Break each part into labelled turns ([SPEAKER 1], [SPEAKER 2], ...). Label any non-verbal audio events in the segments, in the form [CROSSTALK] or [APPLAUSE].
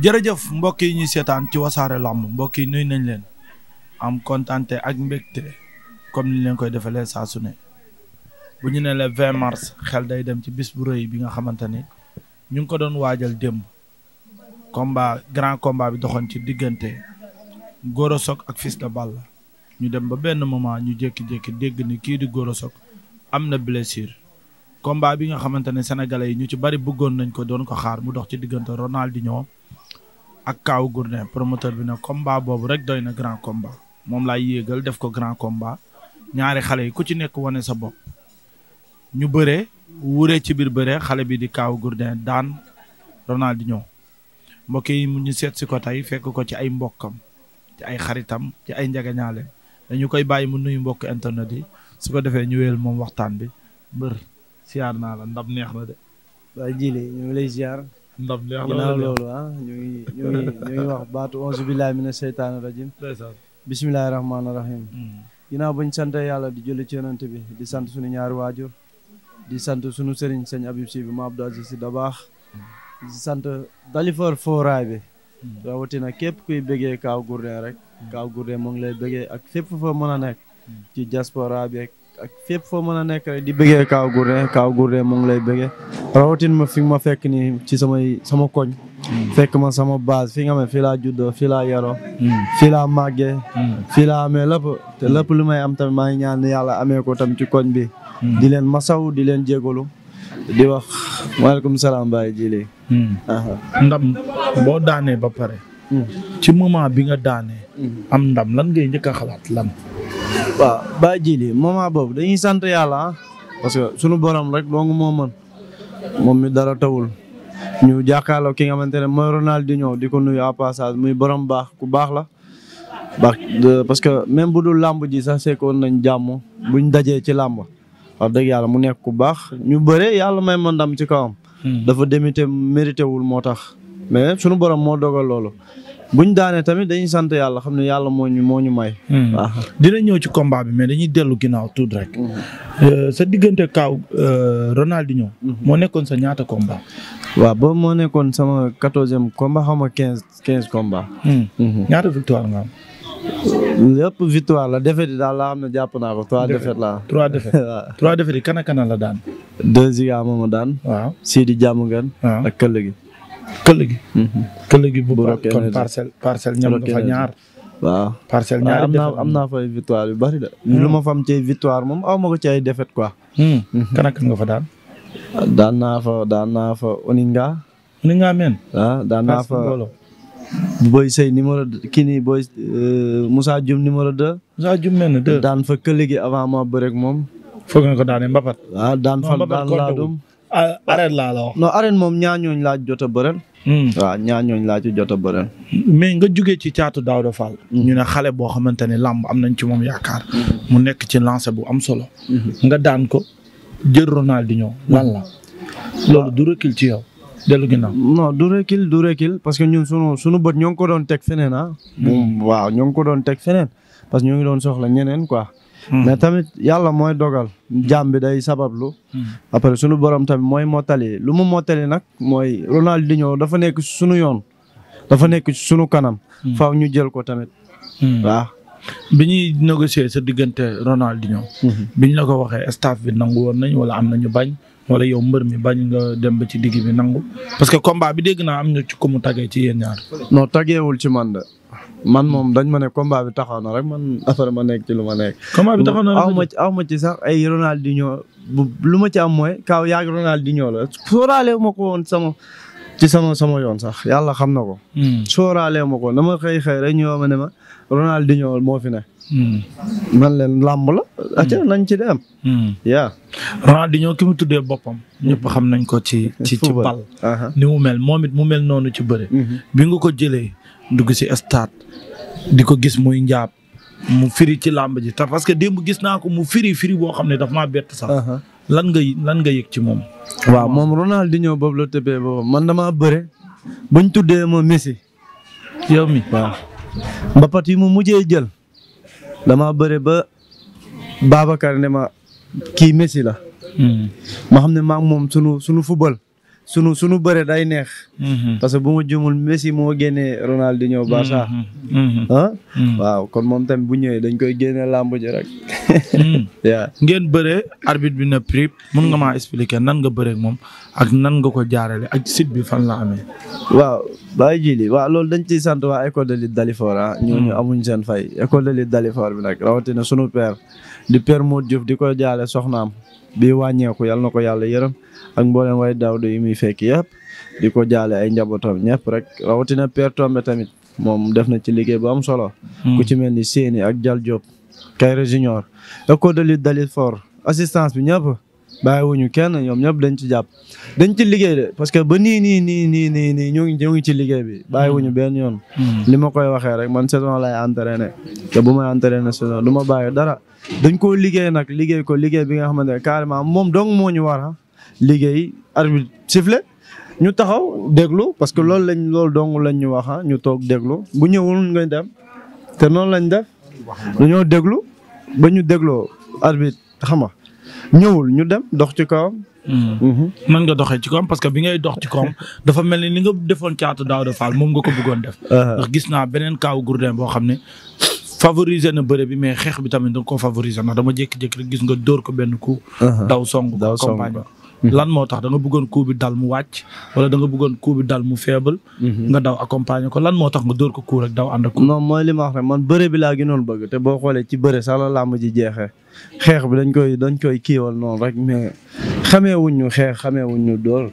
[SPEAKER 1] jërëjëf mbokk yi ñuy seetaan ci wasaare làmb mbokk yi nuyu nañ leen am kontante ak mbégte comme ni leen koy defalee saa su ne bu ñu ne leen 20 xel day dem ci bis bu rëy bi nga xamante ni ñu ngi ko doon waajal démb combat grand combat bi doxoon ci diggante Gora Sock ak Fils de Balla ñu dem ba benn moment ñu jékki-jékki dégg ni kii di Gora Sock am na blessure combat bi nga xamante ne sénégalais yi ñu ci bari bëggoon nañ ko doon ko xaar mu dox ci diggante Ronaldinho ak Kaaw Gourdin promoteur bi nag combat boobu rek doy na grand ba moom laay yéegal def ko grand combat ñaari xale yi ku ci nekk wane sa bopp ñu bëree wuuree ci biir bëree xale bi di Kaaw Gourdin daan Ronaldinho mbokk yi mu ñu seet si ko tey fekk ko ci ay mbokkam ci ay xaritam ci ay njagañaale dañu koy bàyyi mu nuyu mbokk internet yi su ko defee ñu wéyal moom waxtaan bi mbër
[SPEAKER 2] siyaar naa la ndam neex na de. waa Jili ñu lay siyaar ndam li ginnaaw loolu ah ñu ngi ñu ngi ñu ngi wax baatu onze billahi mina seytaani rajim bisimilahi rahmaani rahim mm. ginnaaw bañ sant yàlla di julli ci yonante bi di sant suñu ñaari waajur di sant suñu sëriñ sëñ Abib Si bi ma Abdou Aziz Si Dabaax mm. di sant Dalifort fooraay bi mm. rawatina képp kuy bëggee Kaaw Gourdin rek Kaaw Gourdin moo ngi lay bëggee ak fépp fa mën a nekk ci diaspora bi ak ak fépp foo mën a nekk rek di bëggee Kaw Gourdin Kaw Gourdin mu ngi lay bëggee rawatin ma fi ma fekk nii ci samay sama koñ hmm. fekk ma sama baas fi nga xam ne fii laa juddoo fii laa yaroo hmm. fii laa màggee hmm. fii laa amee lépp te lépp lu may am tamit maa ngi ñaan yàlla amee ko tamit ci koñ bi di leen masaw di leen jégalu di wax waaleykum salaam Baye Jili ndam
[SPEAKER 1] boo daanee ba pare ci moment bi nga daane am ndam lan ngay njëkk a xalaat lan
[SPEAKER 2] waaw Baye Djili moment boobu dañuy sant yàlla parce que sunu borom rek dong moo mën moom mi dara tawul. ñu jàkkaarloo ki nga xamante ne mooy Ronaldinho di ko nuyu passage muy borom baax ku baax la. baax parce que même bu dul làmb ji sax sekkoon nañ jàmm buñ dajee ci làmb wax dëgg yàlla mu nekk ku baax ñu bëre yàlla may ma ndam ci kawam. Hmm. dafa demite mérité wul moo tax mais sunu borom moo dogal loolu. buñ daanee tamit dañuy sant yàlla xam ne yàlla moo ñu moo ñu may. Hmm. waaw
[SPEAKER 1] dina ñëw ci combat bi mais dañuy dellu ginaaw tuuti rek. Hmm. Euh, sa diggante kaw kaaw euh,
[SPEAKER 2] Ronaldinho. Hmm. moo nekkoon sa ñaata combat. waa ba moo nekkoon sama quatorzième combat xaw quinze quinze combat. ñaata victoire nga am. lépp victoire la défaite daal laa xam ne jàpp naa ko trois défaites la trois défaites [LAUGHS] waaw trois défaites yi kana kana la daan. deux ziga moom a daan. waaw Sidi Diamaguène. waaw ak Këllëgi. këll gi. Mhm. këll gi bu kon parcelle parcelle ñam nga ñaar. waaw am am fa victoire yu bari de. Hmm. lu ma fa am victoire moom aw ma ko ci ay défaite quoi. Hmm. Mhm. kan ak kan nga daan. daan naa fa daan naa fa Oninga. Oninga men ah, daan naa fa Boy Sey numéro kii nii Boy euh, Moussa Dioum numéro 2. Moussa Dioum mel daan fa këll gi avant ma bëreeg moom. foog nga ko daanee Mbapat. Ah, daan fa daan arène laa la wax. non arène moom ñaa ñooñ laa jot a bërën. Hmm. waaw ñaa ñooñ
[SPEAKER 1] laa jot a bërën. mais nga jugee ci caatu Daouda Fall. Hmm. ñu ne xale boo xamante ne làmb am nañ ci moom yaakaar. Hmm. mu nekk ci lancé bu am solo. nga daan ko jërroon jël Ronaldinho lan la.
[SPEAKER 2] loolu du recul ci yow. dellu ginnaaw non du recul du recul parce que ñun sunu sunu bët ñoo ko doon teg feneen ah. waaw ñoo ngi ko doon teg feneen parce que ñoo ngi doon soxla ñeneen quoi. Hmm. mais tamit yàlla mooy dogal. Hmm. jaam bi day lu hmm. après sunu borom tamit mooy mottali lu mu mottali nag mooy Ronaldinho dafa nekk sunu yoon. dafa nekk sunu kanam. faaw ñu jël ko tamit. waaw. bi ñuy
[SPEAKER 1] négocier sa diggante Ronaldinho. biñ la ko waxee staff bi nangu woon nañ wala am na ñu bañ. wala yow mbër mi bañ nga dem ba ci digg bi nangu. parce que combat bi dégg naa am ñu ci ko mu tagee ci yéen
[SPEAKER 2] ñaar. non tageewul ci man de. man moom dañ ma ne combat bi taxaw na rek man affaire ma nekk ci lu ma nekk. combat bi taxaw na aw ma ci aw ma ci sax ay Ronaldinho lu ma ci am mooy kaw yaag Ronaldinho la sóoraale ma ko woon sama ci sama sama yoon sax yàlla xam na ko. Hmm. sóoraale ma ko dama ma xëy rek ñëw ma ne ma ronal di Ronaldinho moo fi ne. Hmm. man leen làmb la. Hmm. atiwaat nañ ci dem. yaa. Ronaldinho ki mu tuddee boppam. ñëpp xam nañ ko ci ci ci bal.
[SPEAKER 1] Uh-huh. ni mu mel moom it mu mel noonu ci bëre. Mm-hmm. bi nga ko jëlee. dugg si stade di ko gis muy njaab mu firi ci làmb ji te parce que démb gis naa ko mu firi firi boo xam ne dafa maa bett sax. Uh-huh. lan nga lan nga
[SPEAKER 2] ci moom. waaw moom Ronaldinho boobu la tëbee boobu man damaa bëre buñ tuddee ma Messi. yow mi waaw. mbapat mu mujjee jël damaa bëre ba Babacar ne ma kii Messi la. Hmm. ma xam ne maa moom sunu sunu football. sunu sunu bëre day neex. Mhm. parce que bu ma jumul Messi moo génnee Ronaldinho Barça. Mhm, mhm, ah. waaw kon moom tamit bu ñëwee dañ koy génne làmb ji rek. waaw
[SPEAKER 1] [LAUGHS] ngeen bëre arbitre bi na prip mun nga ma expliquer nan nga bëree moom ak nan nga ko jaarale ak site bi fan la amee.
[SPEAKER 2] waaw bàyyi jili waaw loolu dañ ciy sant waa école de lutte Dalifort ah. ñooñu amuñ seen fay école de lutte Dalifort bi nag rawatina sunu père. di Père Modou Diouf di ko jaale soxnaam bi wàññeeku yal na ko yàlla yërëm ak mboolem way daawdo yi muy fekk yëpp di ko jaale ay njabootam ñëpp rek rawatina Père Tombe tamit moom def na ci liggéey bu am solo. Hmm. ku ci mel ni Séni ak Jal Diop. Kayre Junior école de lutte Dalil Fort assistance bi bàyyiwuñu kenn ñoom ñëpp dañ ci jàpp dañ ci liggéey de parce que ba nii nii nii nii nii nii ñu ngi ñu ngi ci liggéey bi bàyyiwuñu benn yoon li mm-hmm. ma koy waxee rek man saison lay entraîné te bu may entraîné saison du ma bàyyi dara dañ koo liggéey nag liggéey ko liggéey bi nga xamante ne carrément moom dong moo ñu wara liggéey arbitre sifflé ñu taxaw déglu parce que loolu lañ loolu dong lañ ñu wax ñu toog déglu bu ñëwul nga dem te noonu lañ def déglu ba ñu dégloo arbitre xam ñëwul ñu dem dox ci kawam. Hmm. Mhm.
[SPEAKER 1] mën nga doxee ci kawam parce que bi ngay dox ci kawam dafa mel ni nga defoon caatu daaw de Fall moom nga ko bëggoon def. ndax gis naa beneen kaw Gourdin boo xam ne favoriser na bëre bi mais xeex bi tamit da nga koo favoriser ndax dama jékki-jékki rek gis nga dóor ko benn ku. daw song daw song [LAUGHS] lan moo tax da nga bëggoon coup bi dal mu wàcc wala da nga bëggoon coup bi dal mu faible. Mhm. nga daw
[SPEAKER 2] accompagner ko lan moo tax nga dóor ko coup rek daw ànd ak. non mooy li ma rek man bëre bi laa gënoon bëgg te boo xoolee ci bëre sax la làmb ji jeexee xeex bi dañ koy dañ koy kiiwal noonu rek mais xamee wuñ ñu xeex xamee wuñ ñu dóor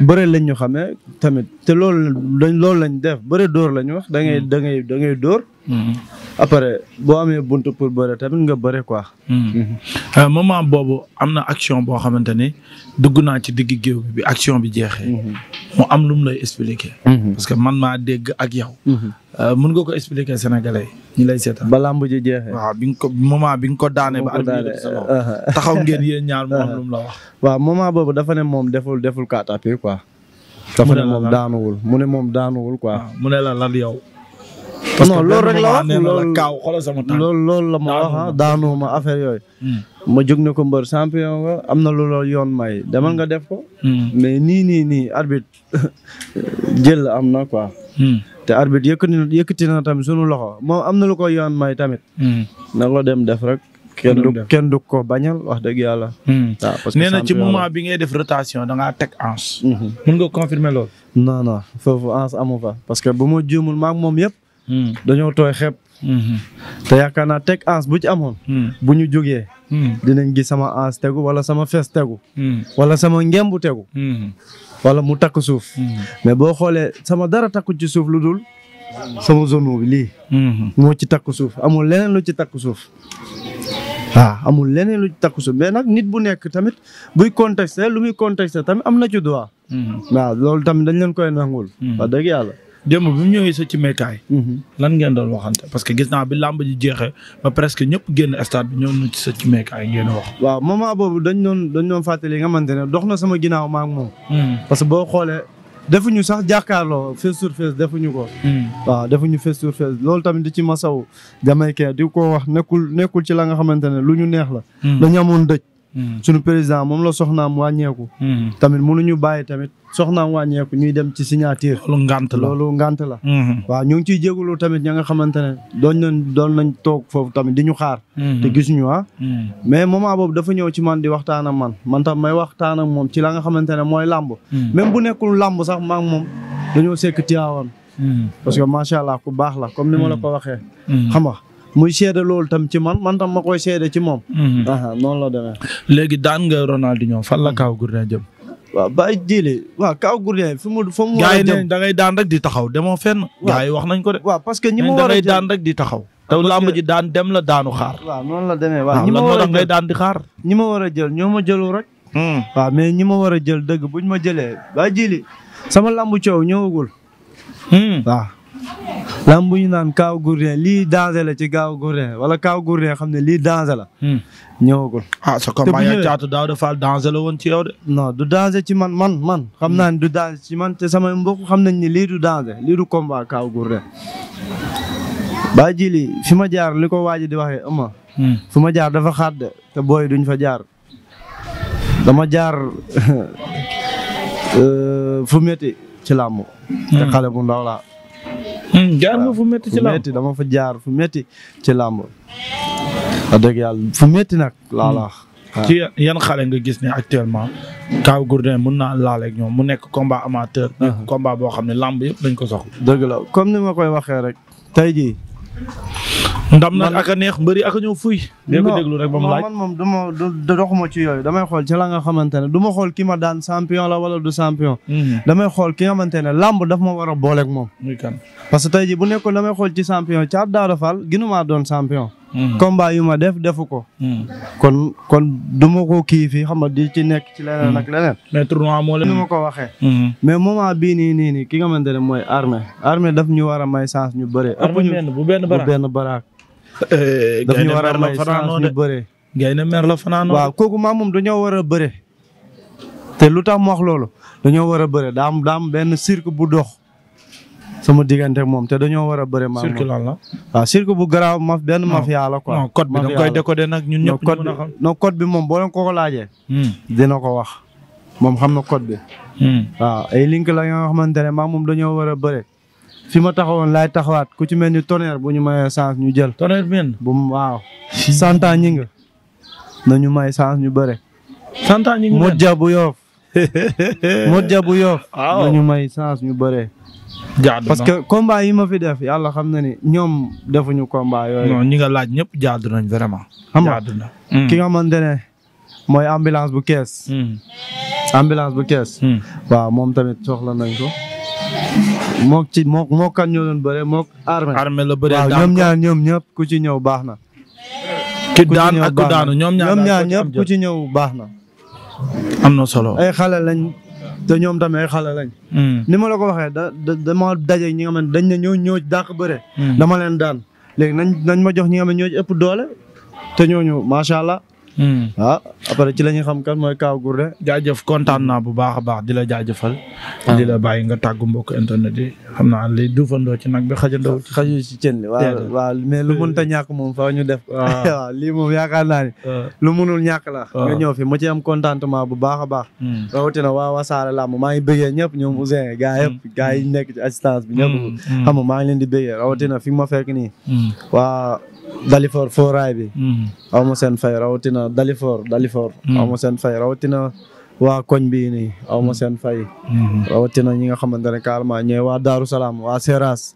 [SPEAKER 2] bëre lañ ñu xamee tamit te loolu lañ loolu lañ def bëre dóor lañ wax da ngay da ngay da ngay dóor. Mm-hmm. après boo amee buntu pour bëre tamit nga bëree quoi. Mm-hmm.
[SPEAKER 1] Euh, moment boobu am na action boo xamante ni dugg naa ci digg géew bi action bi jeexee.
[SPEAKER 2] Mm-hmm.
[SPEAKER 1] mu am lu mu lay expliquer. parce que man maa dégg ak yow. mën euh, nga ko expliquer sénégalais yi ñu lay seetaan. ba lamb ji jeexee. waaw bi nga ko
[SPEAKER 2] moment bi nga ko daanee. ba uh-huh. [LAUGHS] taxaw ngeen yéen ñaar mu am lu mu la wax. [LAUGHS] waaw moment boobu dafa ne moom deful deful kaatapi quoi. dafa ne moom daanuwul mu ne moom daanuwul quoi.
[SPEAKER 1] mu ne la lan yow.
[SPEAKER 2] parce lool loolu rek la lool loolu la ma wax ah daanu ma affaire yooyu. Hmm. ma jóg ne ko mbër champion nga am na lu la yoon may demal nga def ko. Hmm. mais nii nii nii arbitre [LAUGHS] jël la am na quoi. Hmm. te arbitre yëkkati na na tamit sunu loxo mo am na lu ko yoon may tamit. na ko dem def rek. kenn du kenn du ko bañal wax dëgg yàlla. waaw parce que nee ci moment bi ngay def rotation da ngaa teg ans. Mhm. mun nga confirmer loolu. non non foofu ans amu fa parce que bu ma juumul maak moom yëpp. Hmm. dañoo tooy xepp. Hmm. te yaakaar naa teg ans bu ci amoon. Hmm. bu ñu jógee. dinañ gis sama ans tegu wala sama fes tegu. wala sama ngembu tegu. wala mu takk suuf. mais boo xoolee sama dara takku ci suuf lu dul sama zone bi lii. moo ci takku suuf amul leneen lu ci takk suuf. waaw ah, amul leneen lu ci takku mais nag nit bu nekk tamit buy contexte lu muy contexte tamit am na ci droit. waaw loolu tamit dañ leen koy nangul. wax dëgg yàlla. démb
[SPEAKER 1] bi mu ñëwee sa ci meekaay. Mhm. lan ngeen doon waxante parce que gis naa bi làmb ji jeexee presque ñëpp génn stade bi ñëw na ci sa ci meekaay ngeen wax.
[SPEAKER 2] waaw moment boobu dañ doon dañ doon fàttali nga xamante ne dox na sama ginnaaw ma ak moom. Mhm. parce que boo xoolee defuñu sax jàkkaarloo face sur face defuñu ko. Mhm. waaw defuñu face sur face loolu tamit di ci masaw Jamaïcain di ko wax nekkul nekkul ci la nga xamante ne lu ñu neex la. dañu amoon Mm. suñu président moom la soxnaam wàññeeku. Mm. tamit mënuñu bàyyi tamit soxnaam wàññeeku ñuy dem ci signature. loolu ngant la loolu ngant la. Mm. waaw ñu ngi ciy jégalu tamit ña nga xamante ne doon nañ doon nañ toog foofu tamit di ñu xaar. te gisuñu ah. mais moment boobu dafa ñëw ci man di waxtaan ak man man may waxtaan ak moom ci la nga xamante ne mooy làmb. même bu nekkul làmb sax maa ngi moom dañoo sekk Tiwaawan. parce que macha allah ku baax la comme ni ma la ko waxee. xam nga muy seede loolu tam ci man man tam ma koy seede ci moom. Mhm. noonu la demee.
[SPEAKER 1] léegi daan nga Ronaldinho fan la mhm. kaw Gourdin jëm. waaw Baye Djili waaw Kaaw Gourdin fi mu fa mu war
[SPEAKER 2] daan rek di taxaw demoo
[SPEAKER 1] fenn. gars yi wax nañ ko de. waaw parce que ñi ma daan rek di taxaw. taw làmb ji daan dem la daanu xaar.
[SPEAKER 2] waaw noonu la demee waaw ñi ma war a jël ngay di xaar. ñi ma war a jël ñoo ma jëlu rek. Hmm. mais ñi ma war a jël dëgg buñ ma jëlee Baye Djili sama làmb coow ñëwagul. Hmm. waaw. lamb bu ñu naan Kaaw Gourdin lii danger la ci Kaaw Gourdin wala Kaaw Gourdin xam ne lii danger la. Hmm. ñëwagul. ah sa combat yaa caatu
[SPEAKER 1] daaw dafa danger la woon
[SPEAKER 2] ci yow de. non du danger ci man man man xam naa ne du danger ci man te samay mbokk xam nañ ni lii du danger lii du combat Kaaw Gourdin. baa jili fi ma jaar li ko waaj di waxee ama hmm. fi ma jaar dafa xaat de te booy duñ fa jaar. dama jaar [LAUGHS] euh, fu metti ci làmb. te hmm. xale bu ndaw laa. Hmm, jaar nga fu metti ci làmb dama fa jaar fu metti ci làmb. wax dëgg yàlla fu metti nag. laa ci hmm. yan xale nga gis ni
[SPEAKER 1] actuellement. Kaw Gourdin mën na laale ñoo mu nekk combat amateur. nekk boo xam ne làmb yëpp dañ ko soxla.
[SPEAKER 2] dëgg la comme ni ma koy waxee rek. tey jii ndam nag
[SPEAKER 1] ak a neex mbëri ak a ñëw fuy.
[SPEAKER 2] dee ko déglu rek ba moom du ma ci yooyu damay xool ci la nga xamante ne du ma xool ki ma daan champion la wala du champion. Mhm. damay xool ki nga xamante ne làmb daf ma war a booleeg moom. parce que tey jii bu nekkoon damay xool ci champion fal Daara Fall a doon champion. Mhm. combat yu ma def defu ko. Mhm. kon kon du ma ko kii fii xam nga di ci nekk ci leneen ak leneen. mais tournoi moo leen. ni ma ko waxee. mais moment bii nii nii nii ki nga xamante ne mooy armée armée daf ñu war a may chance ñu bëree. ëpp ñu bu benn
[SPEAKER 1] Eh, gaynde mer la fanaanoo de gaynde mer la fanaanoo waaw
[SPEAKER 2] kooku maa moom dañoo war a bëre. te lu tax mu wax loolu dañoo war a bëre daam daam benn cirque bu dox sama diggante ak moom te dañoo war a bëre. maa cirque lan la waaw cirque bu garaaw ma benn mafia la quoi. nag ñu mën bi moom boo ko ko hmm. ko wax moom xam na code bi. Hmm. waaw ay link la nga xamante ne moom dañoo war a bëre. fi ma taxawoon laay taxawaat ku ci mel ni tonnerre bu ñu mayee chance ñu jël. tonnerre men bu mu waaw. santa ñi nga ñu may chance ñu bëre. santa ñi nga Modou Dia bu Yoff. [LAUGHS] Modou Dia bu Yoff. waaw ñu may chance ñu bëre. jaadu parce que combat yi ma fi def yàlla xam na ni ñoom defuñu combat yooyu. non ñi
[SPEAKER 1] nga laaj ñëpp jaadu
[SPEAKER 2] nañ vraiment. jaadu na ki hmm. nga xamante ne mooy ambulance bu kees. Hmm. ambulance bu kees. Hmm. waaw moom tamit soxla nañ ko. mook ci mook mook kan ñoo doon bëre mook armée armée la bëree waaw ñoom ñaar ñoom ñëpp ku ci ñëw baax na. ki daan ak ku daanu ñoom ñaar ñoom ñaar ñëpp ku ci ñëw baax na. am na solo ay xale lañ te ñoom tamit ay xale hmm. ni ma la ko waxee da dama daje ñi nga xam ne dañ ne ñoo ñoo dàq bëre. Hmm. dama leen daan léegi nañ nañ ma jox ñi nga xam ne ñoo ëpp doole te ñooñu macha allah. Hmm. ah après ci la ñuy xam kan mooy Kaw Gourdin. jaajëf kontaan
[SPEAKER 1] naa bu baax a di la jaajëfal. Ah. di la bàyyi nga tàggu mbokk internet yi xam naa li
[SPEAKER 2] duufandoo ci nag bi xajandoo. xaju ci cën li waaw waaw mais lu mënta ñàkk moom fa ñu def. Ah. [LAUGHS] waaw lii moom yaakaar naa ni. Ah. lu mënul la. nga ñëw fi mu ci am contentement bu baax a baax. Hmm. rawatina waa Wassare la maa ngi bëggee ñëpp ñoom Ousseyn gaa yëpp hmm. gaa yi nekk ci assistance bi ñëpp. xam nga maa ngi leen di bëggee rawatina fi ma fekk ni waa Dalifor Foray bi. aw ma seen fay rawatina Dalifor Dalifor. Mm. aw ma seen fay rawatina waa koñ bii nii aw ma mm. seen fay. Mm-hmm. rawatina ñi nga xamante ne carrément ñooy waa Darou Salaam waa Seras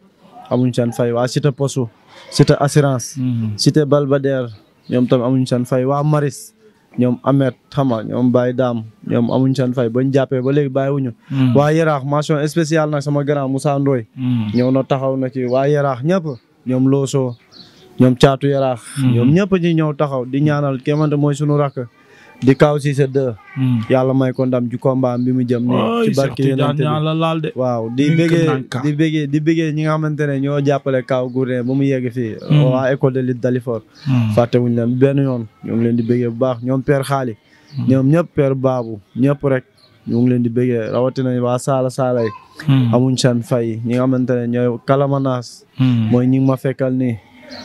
[SPEAKER 2] amuñ seen fay waa Cité Posu Cité Assurance. Mm-hmm. Cité Balbadère ñoom tamit amuñ seen fay waa Maris. ñoom Amet xama ñoom Baye daam ñoom amuñ seen fay bañ jàppee ba léegi bàyyiwuñu. Mm. waa Yaraax mention spéciale nag sama grand Moussa Ndoye. ñëw na taxaw na ci waa Yaraax ñëpp ñoom Loso. ñoom caatu yaraax mhm. ñoom ñëpp ñi ñëw taxaw di ñaanal kéemante mooy sunu rakk di kaaw si sa deux mhm. yàlla may ko ndam ci combat bi mu jëm ni ci barki yonent waaw di bëggee di bëggee di ñi nga xamante ne ñoo jàppale kaaw Gourdin ba mu yegg fii mhm. waa école de lutte Dalifort fàttewuñ leen benn yoon ñoo ngi leen di bëggee bu baax ñoom père xaali ñoom ñëpp père baabu ñëpp rek ñu ngi leen di bëggee rawatina waa saala saala yi amuñ seen fay ñi nga xamante ne ñooy kalamanaas mooy ñi ma fekkal nii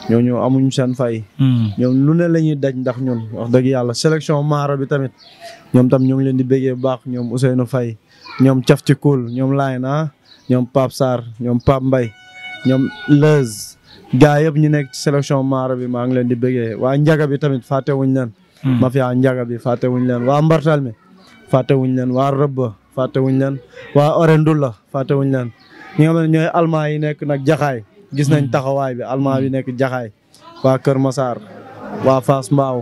[SPEAKER 2] ñooñu amuñu seen fay. Hmm. ñoom lu ne la ñuy daj ndax ñun wax dëgg yàlla sélection maara bi tamit ñoom tam ñoo ngi leen di béggee baax ñoom Ousseynou Faye ñoom Cafti Koul ñoom Layna ah, ñoom Pape Sarr ñoom Pape Mbaye ñoom Leuz gaa yëpp ñu nekk ci sélection maara bi maa ngi leen di béggee waa Njaga bi tamit fàttewuñ leen. Hmm. Mafia Njaga bi fàttewuñ leen waa Mbartal me fàttewuñ leen waa Rëbb fàttewuñ leen waa Orendula fàttewuñ leen ñi nga xam ne ñooy almaa yi nekk nag gis nañ hmm. taxawaay bi almaa bi hmm. nekk jaxay waa Kër Masaar waa Fass Mbaaw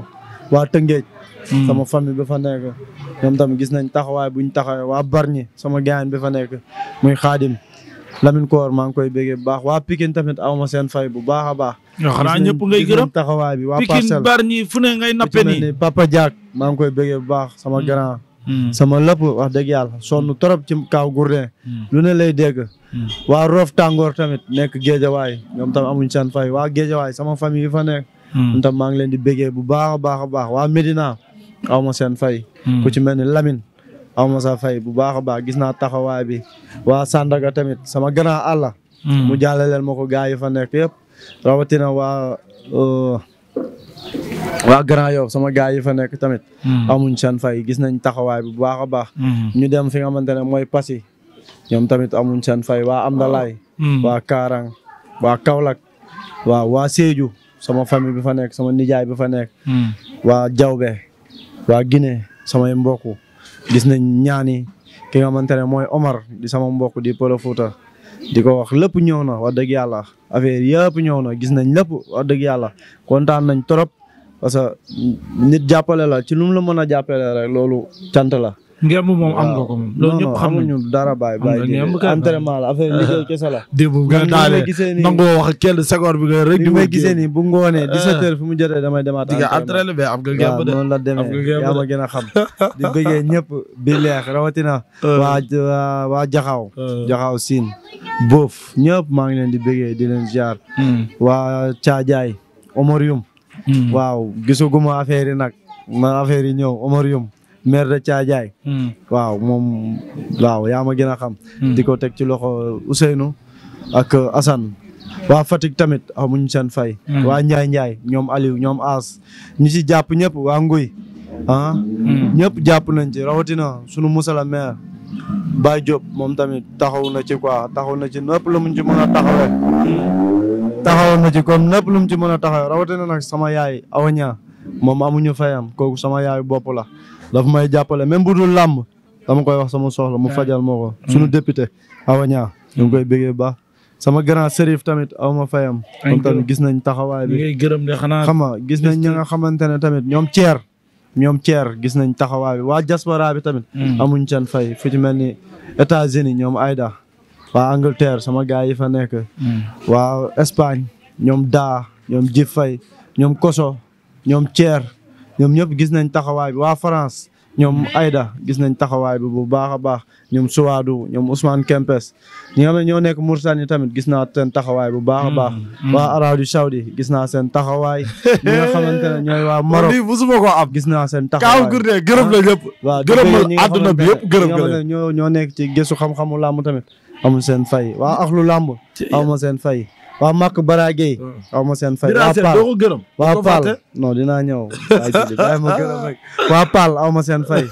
[SPEAKER 2] waa Tëngéej hmm. sama famille bi fa nekk ñoom tamit gis nañ taxawaay buñ taxawee waa bar ñi sama gaañ bi fa nekk muy xaadim Lamine Koor maa ngi koy béggee bu baax waa Pikine tamit aw ma seen fay bu baax a baax xanaa ñëpp ngay gërëm taxawaay bi waa Parcelles Pikine Bargny fu ne ngay nappe nii Papa Diak maa ngi koy béggee bu baax sama grand Mm. sama lépp wax dëgg yàlla sonn mm. trop ci kaw Gourdin mm. lu ne lay dégg waa Rof tàngoor tamit nekk géejawaay ñoom tam amuñ seen fay waa géejawaay sama famille yi fa nekk ñoom tam maa ngi leen di béggee bu baax baaxa baax waa Médina aw ma seen fay ku ci mel ni Lamine aw sa fay bu baax a baax gis naa taxawaay bi waa Sandaga tamit sama grand àlla mu jàllaleel ma ko gaa yi fa nekk yëpp rawatina waa uh, waa Grand Yoff sama gars yi fa nekk tamit. Hmm. amuñ seen fay gis nañ taxawaay bu baax a baax. Hmm. ñu dem fi nga xamante ne mooy Passy. ñoom tamit amuñ seen fay waa Amdalaay. Hmm. waa Kaarang waa Kaolack waa waa Sédhiou sama famille bi fa nekk sama nijaay bi fa nekk. waa Diawbe waa Guinée samay mbokk gis nañ ñaani ki nga xamante ne mooy Omar di sama mbokk di Pël Fuuta di ko wax lépp ñëw na wax dëgg yàlla affaire yëpp ñëw na gis nañ lépp wax dëgg yàlla kontaan nañ trop. parce que nit jàppale la ci lu mu la mën a jàppale loolu cant la. ngemb moom
[SPEAKER 1] am nga ko moom. loolu ñëpp xam dara bàyyi bàyyi entraînement la affaire liggéey kese la. démb bi nga taalee nangoo wax kenn seconde bi nga rek. di may gisee nii bu ngoonee 17 ah. heures fu mu
[SPEAKER 2] jotee damay demaat. di nga entraîné mais am nga de noonu ma gën a xam. di ñëpp bi leex rawatina. Ah. waa jaxaw Jaxaaw. Ah. Jaxaaw Sine. ñëpp maa ngi leen di bëggee dina leen ziar. Hmm. waa Caajaay Omorium. Hmm. waaw gisaguma affaire yi nag ma affaire yi ñëw Omar Youm maire de Thiadiaye hmm. waaw moom waaw yaa ma gën a xam hmm. ko teg ci loxo Ousseynou ak Assane waa Fatick tamit amuñ seen fay waa Ndiaye Ndiaye ñoom Aliou ñoom As ñi ci jàpp ñëpp waa Nguy ah ñëpp jàpp nañ ci rawatina sunu musala maire Baye Diop moom tamit taxaw na ci quoi taxaw na ci nëpp la ci mën a taxawee taxaw na ci comme lépp lu mu ci mën a taxaw rawatina nag sama yaay awa ñaa moom amuñu fayam kooku sama yaay bopp la daf may jàppale même bu dul làmb dama koy wax sama soxla mu fajal moo ko mm. suñu député awa ñaa ngi koy mm. bëggee ba sama grand sérif tamit aw ma fayam gis nañ taxawaay bi gërëm xanaa xam nga gis nañ ñi nga xamante ne tamit ñoom ceer ñoom ceer gis nañ taxawaay bi waa diaspora bi tamit mm. amuñ seen fay fu ci mel ni États-Unis ñoom Aida waa Angleterre sama gars yi fa nekk. Hmm. waa Espagne ñoom daa ñoom ji fay ñoom koso ñoom Thier ñoom ñëpp gis nañ taxawaay waa France ñoom ayda gis nañ taxawaay bi bu baax a baax ñoom Suwaadu ñoom Ousmane Kempes ñi nga xam ne ñoo nekk Mauritanie tamit gis naa seen taxawaay bu baax a baax. Hmm, hmm. waa Arabie Saoudite gis naa seen taxawaay. ñi nga xamante ne waa Maroc [LAUGHS] lii musuma ko am gis naa seen taxawaay Kaaw Gourdin gërëm ñoo nekk ci gëstu xam-xamu tamit. amul seen fay waa hmm. axlu làmb aw ma seen fay waa Mak Bara hmm. aw ma seen fay waa Paal waa Paal non dinaa ñëw bàyyi ma gërëm waa Paal aw ma seen fay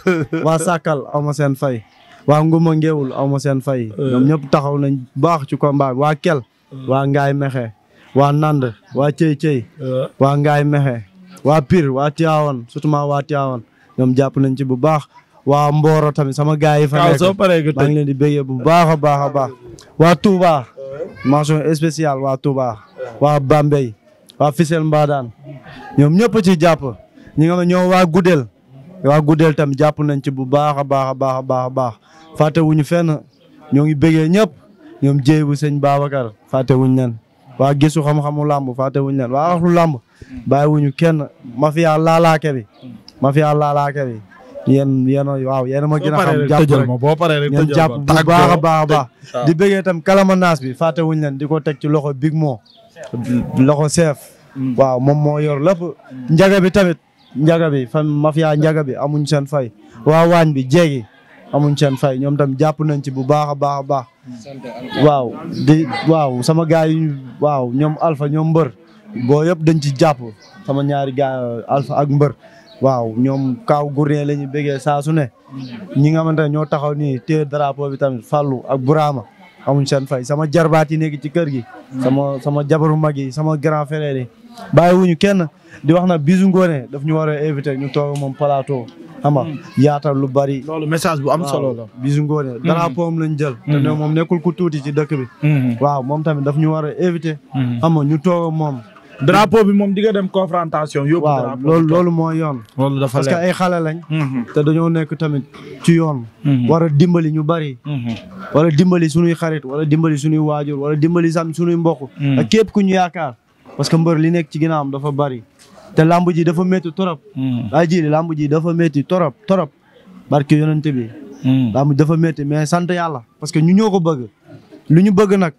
[SPEAKER 2] waa Sakal aw ma seen fay waa Nguma Ngéwul aw ma seen fay hmm. ñoom ñëpp taxaw nañ baax ci combat bi waa Kel wa Ngaay Mexe waa Nand waa Cey Cey waa Ngaay Mexe waa Pire waa Tiawan surtout waa Tiawan ñoom jàpp nañ ci bu baax waa Mboro tamit sama gars yi soo paree maa ngi leen di béggee bu baax a baax a baax waa Touba mention spéciale waa Touba waa Bambey waa Fissel mbaadaan ñoom ñëpp ci jàpp ñi nga xam ne ñoom waa Gudel waa Gudel tamit jàpp nañ ci bu baax a baax a baax a baax baax fàtte wuñu fenn ñoo ngi béggee ñëpp ñoom jéy bu sëñ Babacar fàtte wuñ leen waa gisu xam-xamu làmb fàtte wuñ leen waa axlu làmb bàyyi wuñu kenn mafia laalaake bi mafia laalaake bi yéen yéen waaw yéen a ma gën a xam jàpp ma boo paree rek ngeen jàpp bu baax a baax a baax di bëggee itam kalamanaas bi fàtte wuñ leen di ko teg ci loxo big moo loxo chef mm. waaw moom moo yor lépp mm. njaga bi tamit njaga bi fan mafia njaga bi amuñ seen fay waaw waañ bi jéegi amuñ seen fay ñoom tam jàpp nañ ci bu baax a baax a baax waaw di waaw sama gaay yi waaw ñoom alpha ñoom mbër boo yëpp dañ ci jàpp sama ñaari gaay alpha ak mbër waaw ñoom kaaw Gourdin la ñuy bëggee saa su ne ñi nga xamante ne ñoo taxaw nii téye drapeau bi tamit fallu ak Burama amuñ seen fay sama jarbaat yi nekk ci kër gi. sama sama jabaru mag yi sama grand frère yi bàyyiwuñu kenn di wax na bisu ngoone daf ñu war a invité ñu toog moom plateau. ama nga yaatal lu bari. loolu message bu am solo la. bisu ngoone hmm. drapeau am lañ jël. te moom nekkul ku tuuti ci dëkk bi. Hmm. waaw moom tamit daf ñu war a invité. Hmm. xam ñu toog moom. drapeau bi moom di nga dem confrontation. yóbbu waaw loolu mooy yoon. loolu dafa leer parce que ay xale mhm. te dañoo nekk tamit ci yoon. Mhm. war dimbali ñu bari. Mhm. war a dimbali suñuy xarit wala dimbali suñuy waajur wala dimbali sam suñuy mbokk. ak képp ku ñu yaakaar. parce que mbër li nekk ci ginnaawam dafa bari. te lamb ji dafa métti torop. daa ji lamb ji dafa métti torop torop. barke yonente bi. lamb ji dafa métti mais sant yàlla parce que ñu ñoo ko bëgg. lu ñu bëgg nag.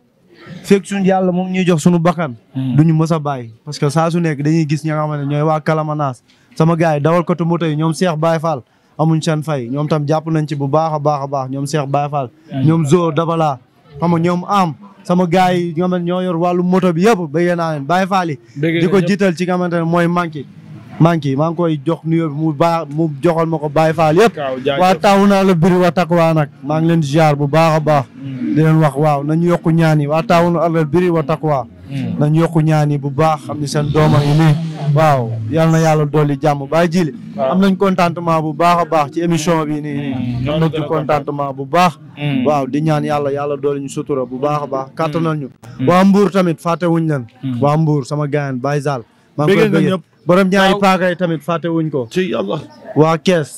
[SPEAKER 2] fekk suñu yàlla moom ñuy jox suñu bakkan hmm. duñu mës a bàyyi parce que saa su nekk dañuy gis ñi nga xam ne ñooy waa kalamanaas sama gars yi dawal katu moto yi ñoom Cheikh Baye Fall amuñ seen fay ñoom tam jàpp nañ ci bu baax a baax a baax ñoom Cheikh Baye Fall hmm. ñoom Zo Dabala xam nga ñoom am sama gars yi nga xam ñoo yor wàllu moto bi yëpp bëggee naa leen Baye Fall yi di ci nga xamante ne mooy manqué maa ngi maa ngi koy jox nuyoo bi mu baax mu joxal ma ko Baye Fall yëpp waa taawu naa la biri wa taqwa nag maa ngi leen ziar bu baax a baax mm. di leen wax waaw nañu yokku ñaan yi waa taawu naa la biri wa taqwa mm. nañu yokku ñaan yi bu baax xam ni seen dooma yi waaw yal na yàlla dolli jàmm bàyyi jili am nañ contentement bu baax a baax ci émission bi nii nii mm. am nañ ci contentement bu baax waaw di ñaan yàlla yàlla dolli ñu sutura bu baax a baax kàttanal ñu waa mbuur tamit fàtte wuñ leen waa Mbour sama gaayan baay Zal bëgg na ñëpp borom ñaari paaka yi tamit fàtte wuñ ko. ci yàlla. waa kees.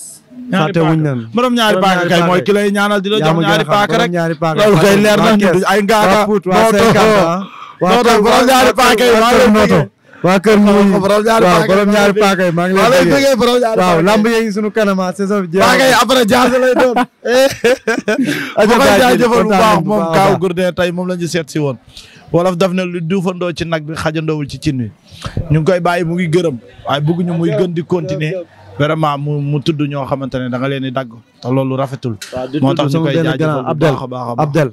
[SPEAKER 2] fàtte wuñ leen borom ñaari paaka kay mooy ki lay ñaanal di la jox ñaari paaka rek loolu kay leer na ay ngaaka. waa puut waa Seydou Kanta waa Seydou Kanta waaw borom ñaari paaka maa ngi lay déggee waaw lamb yi sunu kanamaa ah, saison bi. paaka yi après jaase lay doon. [LAUGHS] Eh. jaajëfal bu moom Kaaw
[SPEAKER 1] Gourdin tey moom la ñu seet si woon. wolof daf ne lu duufandoo ci nag bi xajandoowul ci cin wi ñu ngi koy bàyyi mu ngi gërëm waaye bëgguñu muy gën di continuer vraiment mu mu tuddu ñoo xamante ne da nga leen di dagg te loolu rafetul. moo tax ñu koy jaajëfal bu baax a baax Abdel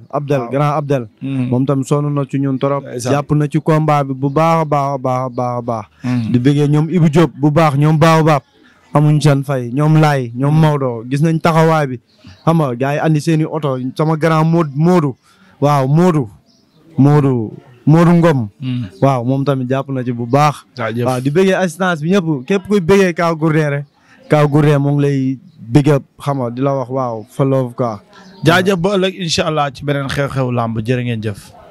[SPEAKER 2] Abdel hmm. moom tam sonn na ci ñun trop. jàpp na ci combat bi bu baax a baax a baax hmm. di bëggee ñoom Ibou Diop bu baax ñoom baax a baax amuñ seen fay ñoom laay ñoom Maodo gis nañ taxawaay bi xam nga gars yi andi seen i oto sama grand Mod Modou waaw Modou Modou. Modou Ngom. Hmm. waaw moom tamit jàpp na ci bu baax. waaw di bëggee assistance bi ñëpp képp kuy bëggee Kaw Gourdin Kaw Gourdin mu ngi lay big up xam nga di la wax waaw fa love
[SPEAKER 1] quoi. jaajëf ba ëllëg incha allah ci beneen xew-xew làmb jërë ngeen jëf.